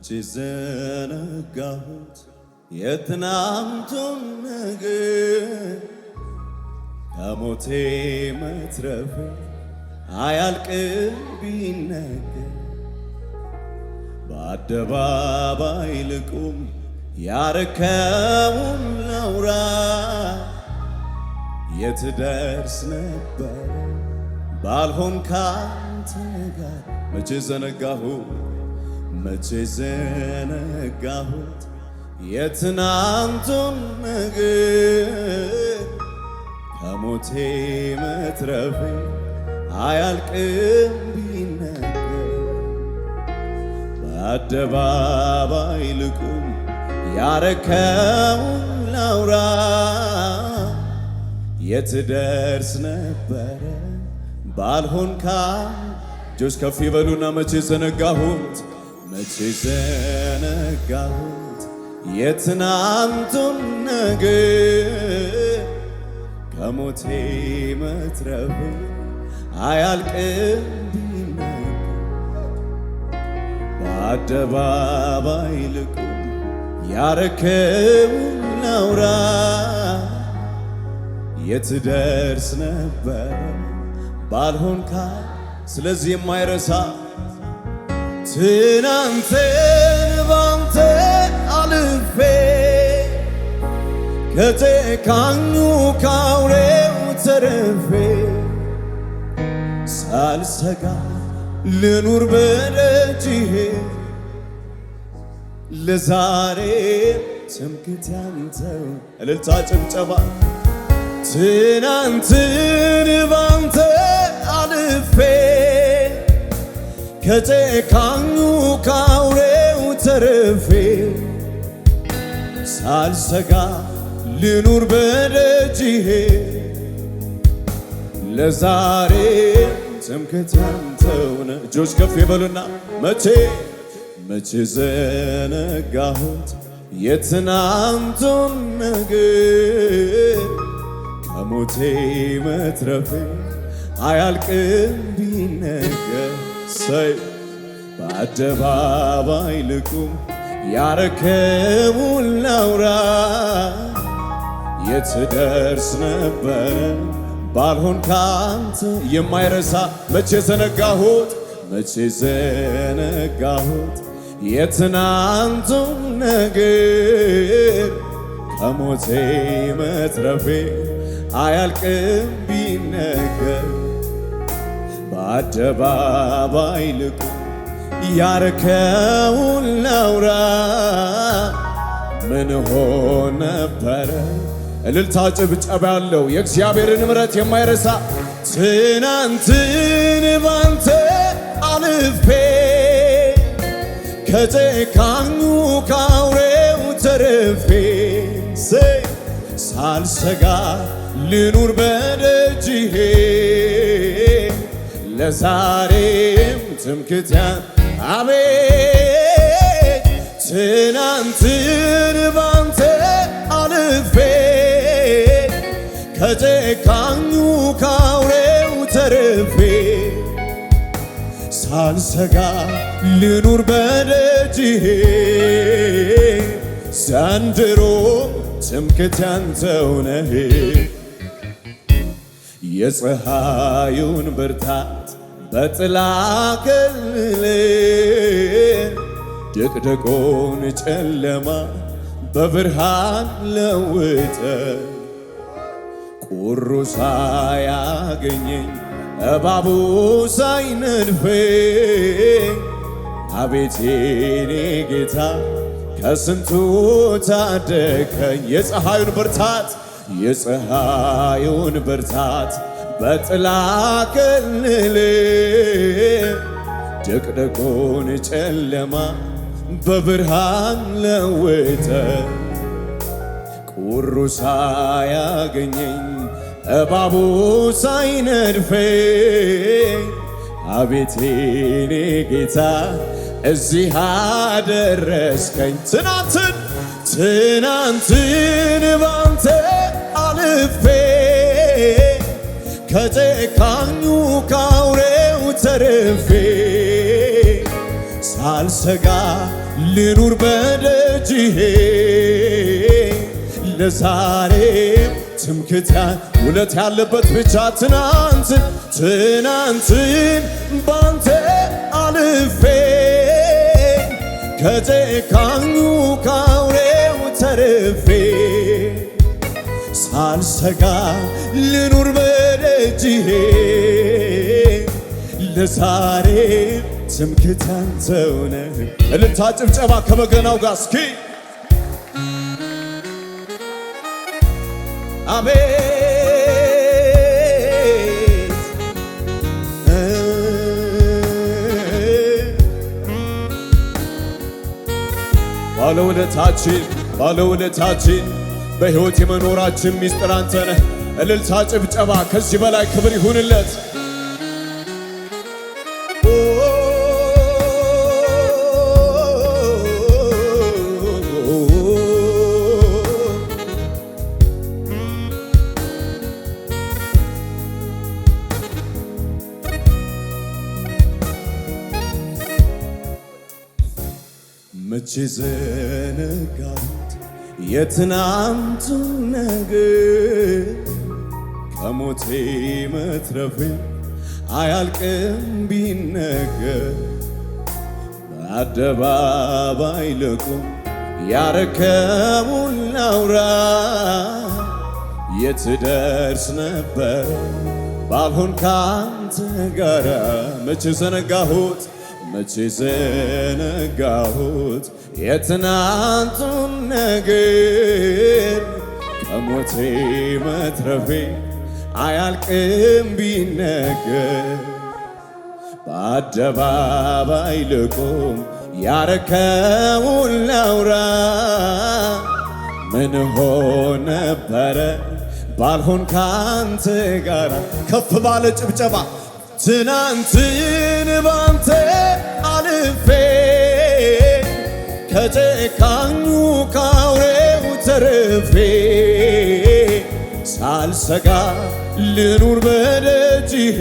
መቼ ዘነጋሁት የትናንቱን ነገር ከሞቴ መትረፍ አያልቅም ቢነገር በአደባባይ ልቁም ያረከውን ለውራ የትደርስ ነበር ባልሆን ካንተ ጋር መቼ ዘነጋሁት! መቼ ዘነጋሁት የትናንቱን ምግብ ከሞቴ መትረፌ አያልቅም ቢነገር በአደባባይ ልቁም ያረከውን ላውራ የትደርስ ነበረ ባልሆንካ እጆች ከፍ ይበሉና መቼ ዘነጋሁት መቼ ዘነጋት የትናንቱን ነገር ከሞቴ መትረፍ አያልቅም ቢነገር በአደባባይ ልቁም ያረከቡ ነውራ የትደርስ ነበረ ባልሆንካ ስለዚህ የማይረሳ ትናንትን ባንተ አልፌ ከተቃኙ ካውሬው ተርፌ ሳልሰጋ ልኑር በደጅህ ለዛሬ ትምክት ያንተው እልልታ ጭብጨባ ትናንትን ባንተ አልፌ ከጨካኙ ከአውሬው ተርፌ ሳልሰጋ ልኑር በደጅሄ ለዛሬ ትምክህት እጆች ከፍ ይበሉና መቼ መቼ ዘነጋሁት የትናንቱን ነገር ከሞቴ መትረፌ አያልቅም ቢነገር ሰይ በአደባባይ ልቁም ያረከቡን ላውራ የትደርስ ነበረ ባልሆን ካንተ የማይረሳ መቼ ዘነጋሁት መቼ ዘነጋሁት የትናንቱም ነገር ከሞቴ መትረፌ አያልቅም ቢነገር አደባባይ ልቁ ያርከውን ላውራ ምን ሆነ ነበረ እልልታ ጭብጨባ ያለው የእግዚአብሔርን ምሕረት የማይረሳ ትናንትን ባንተ አልፌ ከጨካኙ ካውሬው ተርፌ ሳልሰጋ ልኑር በደጅሄ ለዛሬም ትምክትያን አቤት ትናንትን ባንተ አልፌ ከጨካኙ ካውሬው ተርፌ ሳልሰጋ ልኑር በደጅሄ ዘንድሮ ትምክትያን ተውነህ የፀሐዩን ብርታት በጥላ ከልሌ ድቅድቁን ጨለማ በብርሃን ለውጠ ቁሩ ሳያገኘኝ እባቡ ሳይነድፈኝ አቤቴኔ ጌታ ከስንቱ ታደከኝ የፀሐዩን ብርታት የፀሐዩን ብርታት በጥላ ከልል ድቅድቁን ጨለማ በብርሃን ለወጠ ቁሩ ሳያገኘኝ እባቡ ሳይነድፈኝ አቤቴ እኔ ጌታ እዚህ አደረስከኝ ትናንትን ትናንትን ባንተ አልፌ ከጨካኙ ካውሬው ተርፌ ሳልሰጋ ልኑር በደጅሄ ለዛሬም ትምክትያን ውለት ያለበት ብቻ ትናንትን ትናንትን ባንተ አልፌ ከጨካኙ ካውሬው ተርፌ አልሰጋ ልኑር በደጅህ ለዛሬ ትምክህት አንተው ነህ። እልልታ ጭብጨባ ከበገናው ጋር እስኪ አሜ ባለውለታችን ባለውለታችን በሕይወት የመኖራችን ሚስጥር አንተ ነህ። እልልታ ጭብጨባ፣ ከዚህ በላይ ክብር ይሁንለት። መቼ ዘነጋ የትናንቱ ነገር ከሞቴ መትረፌ አያልቅም ቢነገር በአደባባይ ልቁም ያረከቡን ላውራ የትደርስ ነበር ባልሆን ካንተ ጋራ መቼ ዘነጋሁት መቼ ዘነጋሁት የትናንቱን ነገር ከሞቴ መትረፌ አያልቅም ቢነገር በአደባባይ ልቁም ያረከውን ላውራ ምን ሆን ነበረ ባልሆን ካንተ ጋራ ከፍ ባለ ጭብጨባ ትናንትን ባንተ አልፌ ከጨካኙ ካውሬው ተርፌ ሳልሰጋ ልኑር በደጅሄ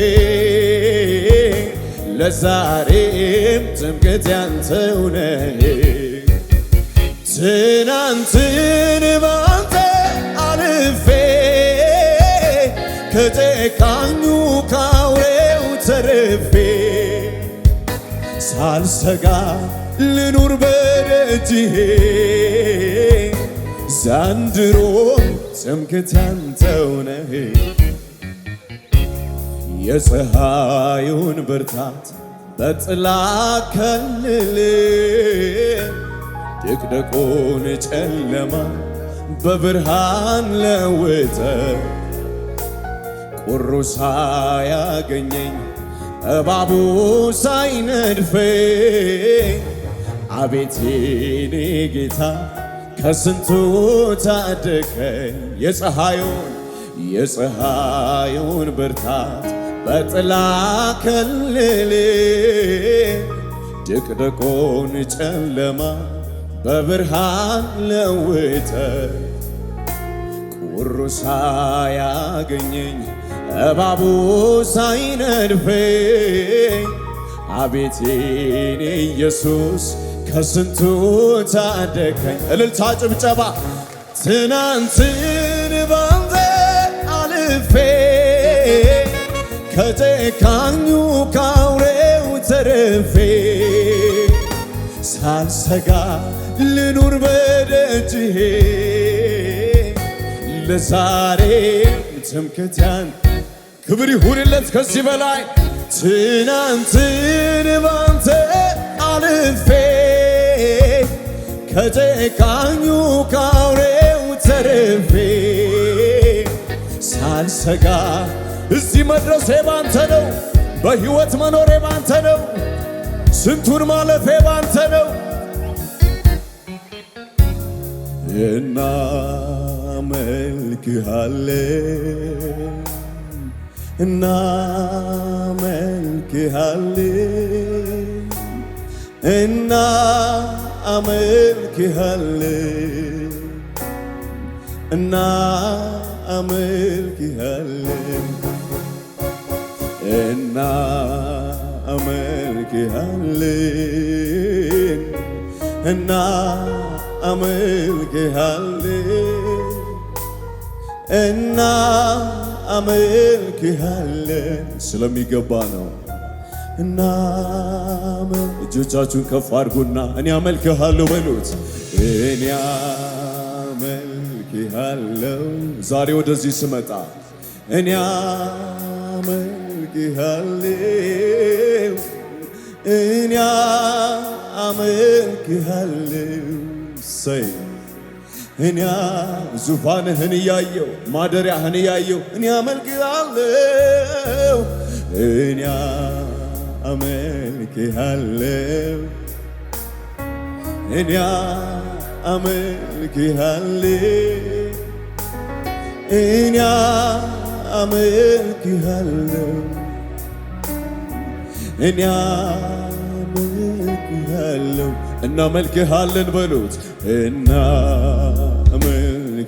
ለዛሬም ትምክህት ያንተው ነህ። ትናንትን ባንተ አልፌ ከጨካኙ ሳልሰጋ ልኑር በደጅህ ዘንድሮ ስምክት ያንተው ነህ የፀሐዩን ብርታት በጥላ ከልል ድቅድቁን ጨለማ በብርሃን ለውጠ ቁሩሳ ያገኘኝ እባቡ ሳይነድፈኝ አቤት የኔ ጌታ ከስንቱ ታደከኝ። የፀሐዩን የፀሐዩን ብርታት በጥላ ከልሌ ድቅድቁን ጨለማ በብርሃን ለውጠ ቁሩሳ ያገኘኝ እባቡ ሳይነድፈኝ አቤት ኢየሱስ ከስንቱ ታደከኝ። እልልታ ጭብጨባ ትናንትን ባንተ አልፌ ከጨካኙ ካውሬው ተርፌ ሳልሰጋ ልኑር በደጅሄ ለዛሬ ትምክትያን ክብር ይሁንለት ከዚህ በላይ ትናንትን ባንተ አልፌ ከጨካኙ ካውሬው ተርፌ ሳልሰጋ እዚህ መድረሴ ባንተ ነው። በሕይወት መኖሬ ባንተ ነው። ስንቱን ማለፌ ባንተ ነው። እናመልክሃለን እናመልክሃለን እናመልክሃለን እናመልክሃለን እናመልክሃለን እናመልክሃለን እና እናመልክሃለን ስለሚገባ ነው። እናመ እጆቻችሁን ከፍ አድርጉና እኔ አመልክሃለሁ በሉት። እኔ አመልክሃለሁ ዛሬ ወደዚህ ስመጣ እኔ አመልክሃለሁ እኔ አመልክሃለሁ ሰይ እኔ ዙፋንህን እያየው ማደሪያህን እያየው እኔ አመልክሃለሁ እኔ አመልክሃለሁ እኔ አመልክሃለሁ እኔ አመልክሃለሁ እኔ አመልክሃለሁ እናመልክሃለን በሉት እና አመልክሃለሁ እና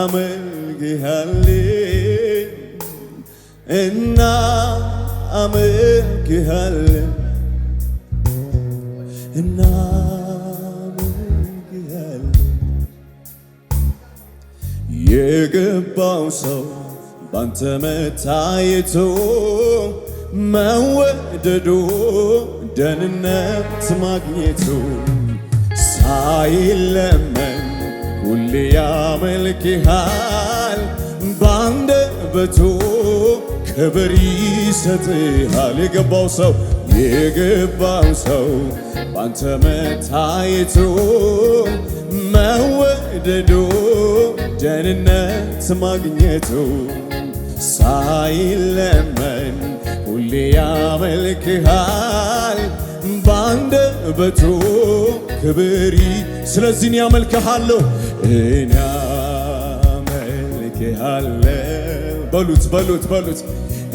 አመልክሃለሁ እና አመልክሃለሁ እና አመልክሃለሁ የገባው ሰው ባንተ መታየቱ መወደዱ ደህንነት ማግኘቱ አይለመን ሁሌ ያመልክሃል በአንደበቱ ክብር ይሰጥሃል። የገባው ሰው የገባው ሰው ባንተ መታየቱ መወደዱ ደህንነት ማግኘቱ ሳይለመን ሁሌ ያመልክሃል በአንደበቱ ክብሪ ስለዚህ ያመልክሃለሁ እኔ አመልክሃለሁ በሉት በሉት በሉት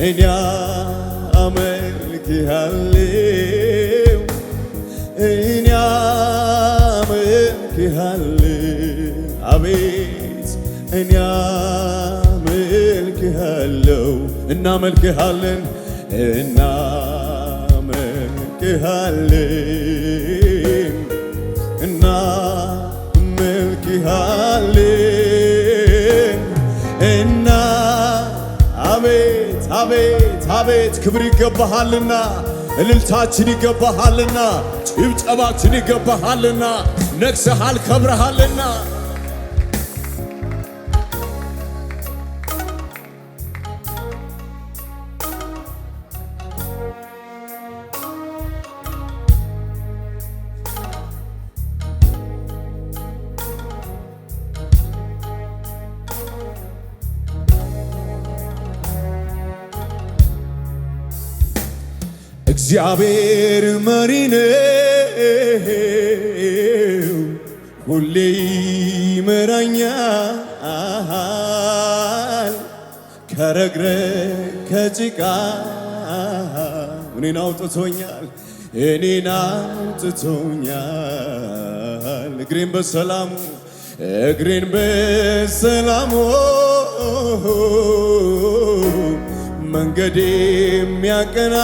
እኔ አመልክሃለሁ እኔ አመልክሃለሁ አቤት እኔ አመልክሃለሁ እናመልክሃለን እናመልክሃለን እንወድሃለን እና አቤት አቤት አቤት ክብር ይገባሃልና እልልታችን ይገባሃልና ጭብጨባችን ይገባሃልና ነግሰሃል ከብረሃልና እግዚአብሔር መሪ ነው፣ ሁሌ ይመራኛል። ከረግረ ከጭቃ እኔን አውጥቶኛል፣ እኔን አውጥቶኛል። እግሬን በሰላሙ እግሬን በሰላሙ መንገድ የሚያቀና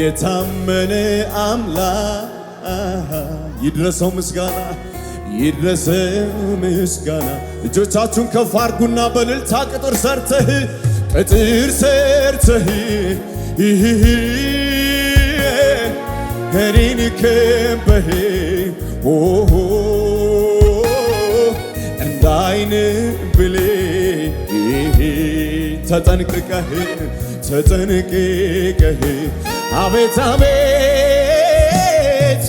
የታመነ አምላክ ይድረሰው ምስጋና ይድረሰው ምስጋና። እጆቻችሁን ከፍ በልልታ ቅጥር ሰርተህ ቅጥር ሰርተህ እኔን ከበህ እንዳይን አይን ተጠንቅቀህ ተጠንቅቀህ አቤት አቤት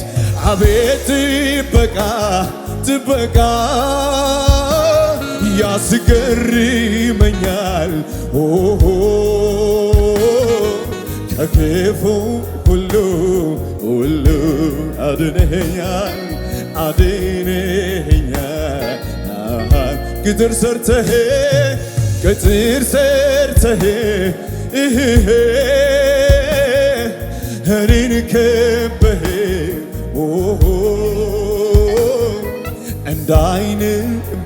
አቤት ጥበቃ ጥበቃ ያስገርመኛል ኦሆ ከክፉ ሁሉ ሁሉ አድነኸኛል አድነኸኛል ቅጥር ሰርተህ ቅጥር ሰርተህ ልክብህ እንደ አይን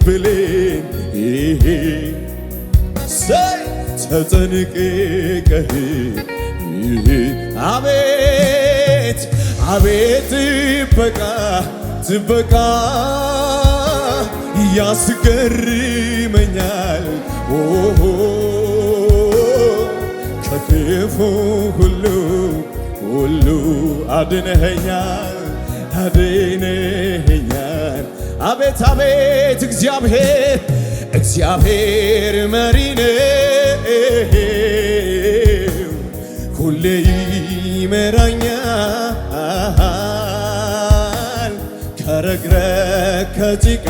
ብሌን ይሄ ተጠንቅቀህ አቤት አቤት ጥበቃ ጥበቃ ያስገርመኛ አድነኸኛል አድነኸኛል። አቤት አቤት እግዚአብሔር እግዚአብሔር መሪ ነው፣ ሁሌ ይመራኛል ከረግረ ከጭቃ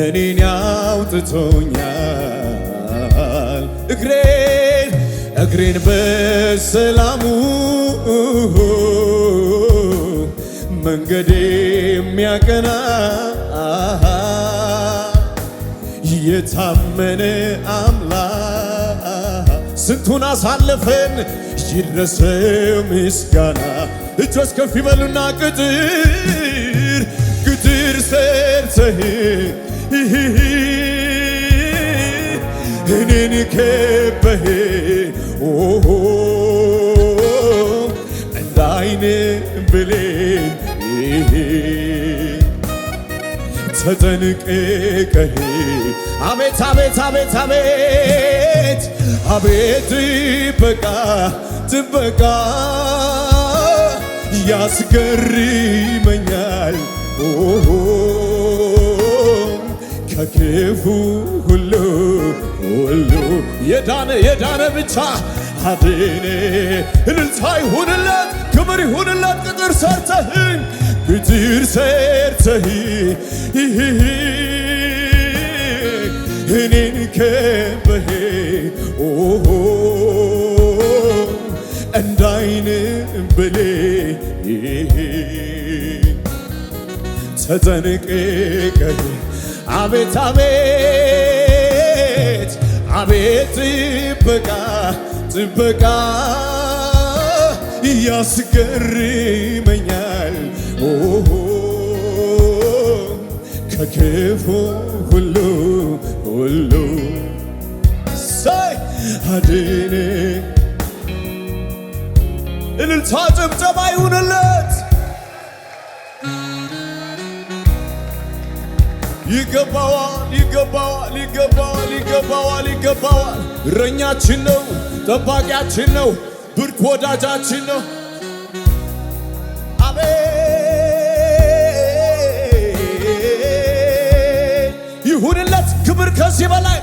እኔን ያውጥቶኛል እግሬ እግሬን በሰላሙ መንገዴ የሚያቀና የታመነ አምላክ ስንቱን አሳለፈን ይድረስ ምስጋና እጆች ከፍ ይበሉና ቅጥር ቅጥር ሰርተህ እኔን ከበሄ እንደ አይን ብሌን ተጠንቅቀህ አቤት አቤት አቤት አቤት አቤት ጥበቃ ጥበቃ ያስገርመኛል ከክፉ ሁሉ ሁሉ የዳነ የዳነ ብቻ አድኔ እልልታ ይሁንለት፣ ክብር ይሁንለት። ቅጥር ሰርተህን ቅጥር ሰርተህ እኔን ከበህ እንዳይን ብሌ ተዘንቅቀ አቤት አቤት አቤት ጥበቃ ጥበቃ እያስገርመኛል ኦሆ ከክፉ ሁሉ ሁሉ ሳይ አድኔ እልልታ ጭብጨባ ይገባዋል፣ ይገባዋል፣ ይገባዋል፣ ይገባዋል፣ ይገባዋል። እረኛችን ነው፣ ጠባቂያችን ነው፣ ብርቅ ወዳጃችን ነው። አቤት ይሁንለት ክብር ከዚህ በላይ